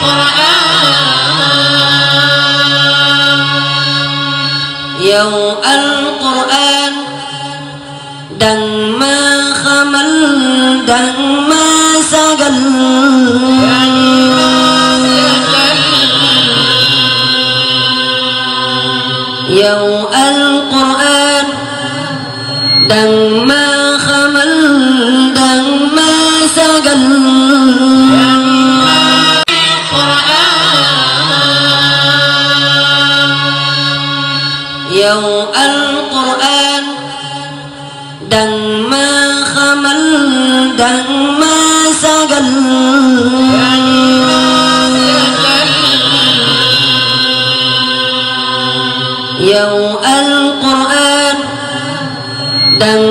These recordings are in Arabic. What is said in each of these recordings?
القرآن يوم القرآن دن ما خمل دن ما سجل يو القرآن دن ما خمل دن ما سجل yow alquran dang ma xamal dang ma sagal yow alquran dang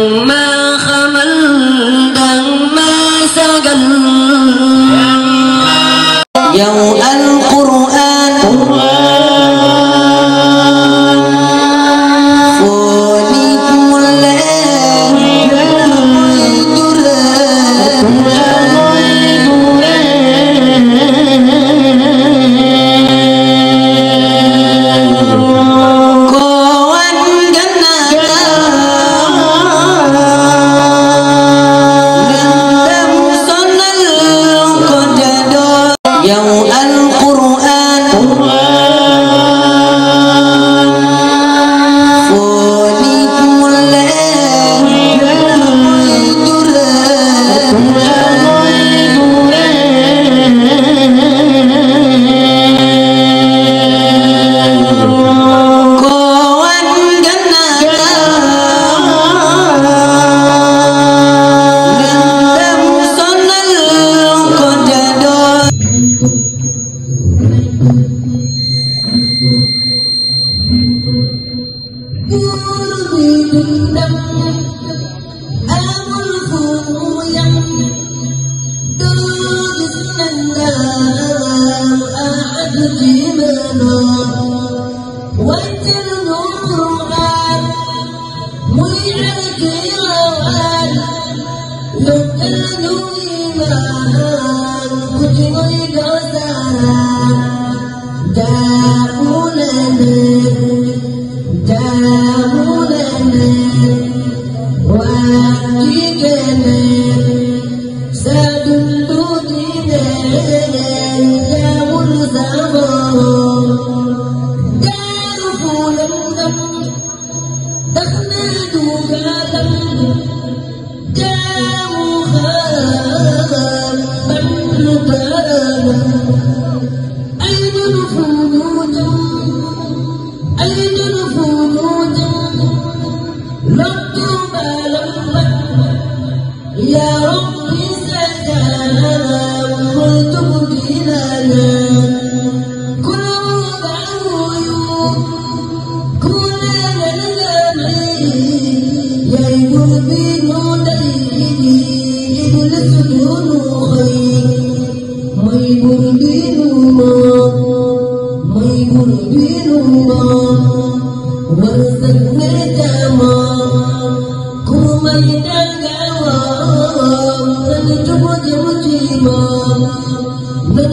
What Ya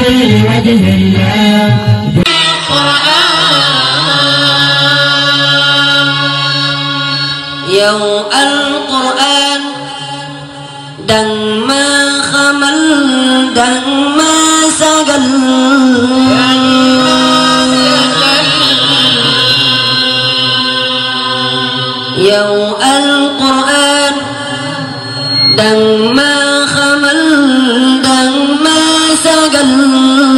وجه الله يوم القرآن دن ما خمل دن ما سجل يوم القرآن دن ممنون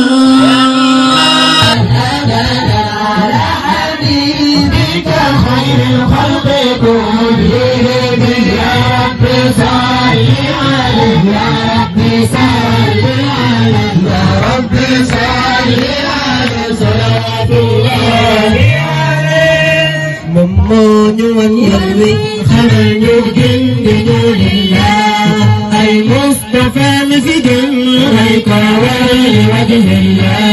يلوي خلني جندي الوجه الله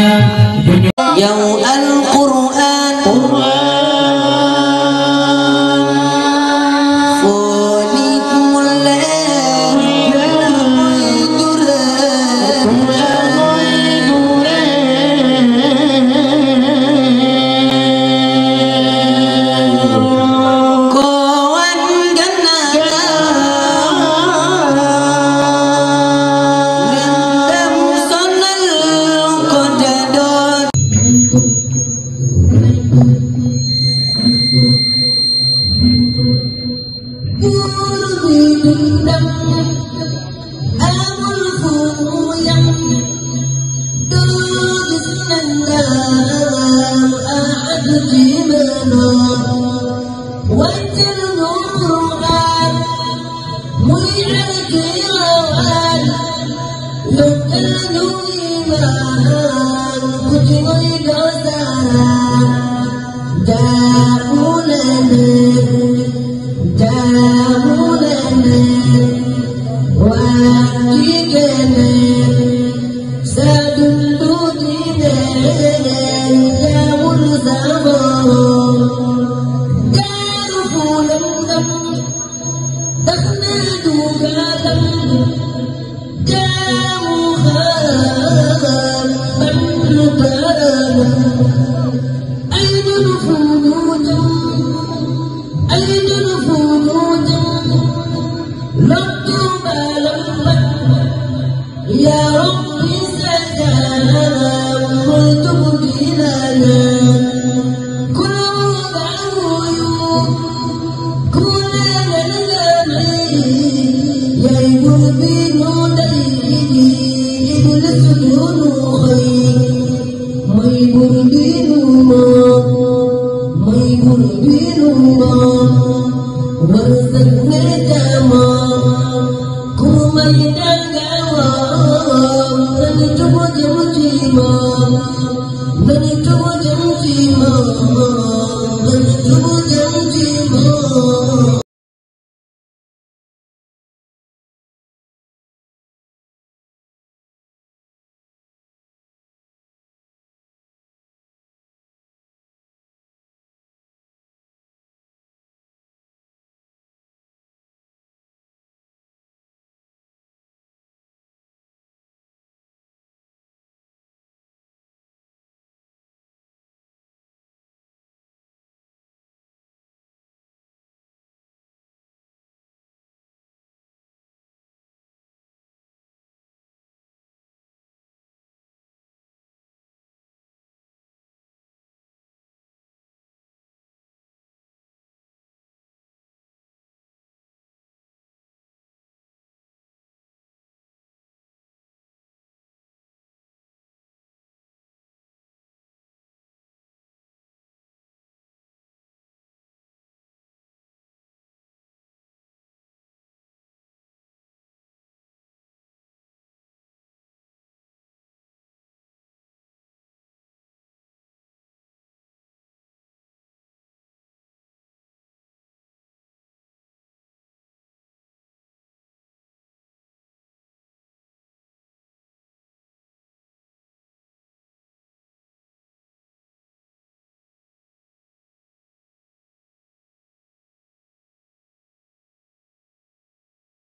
من نار أحد في منار لم تبالغ يا رب जम जी भी